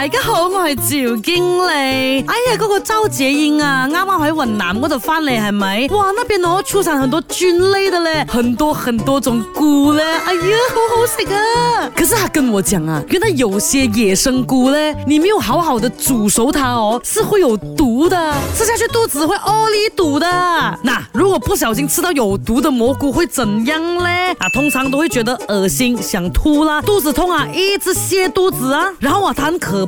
大家、啊、好，我係趙經理。哎呀，嗰、那個周杰英啊，啱啱喺雲南嗰度翻嚟係咪？哇，那邊我、哦、出產很多菌類的嘞，很多很多種菇咧。哎呀，好好食啊！可是佢、啊、跟我講啊，原來有些野生菇咧，你沒有好好的煮熟它哦，是會有毒的，吃下去肚子會屙里肚的。那、啊、如果不小心吃到有毒的蘑菇會怎樣咧？啊，通常都會覺得惡心，想吐啦，肚子痛啊，一直瀉肚子啊，然後啊，它很可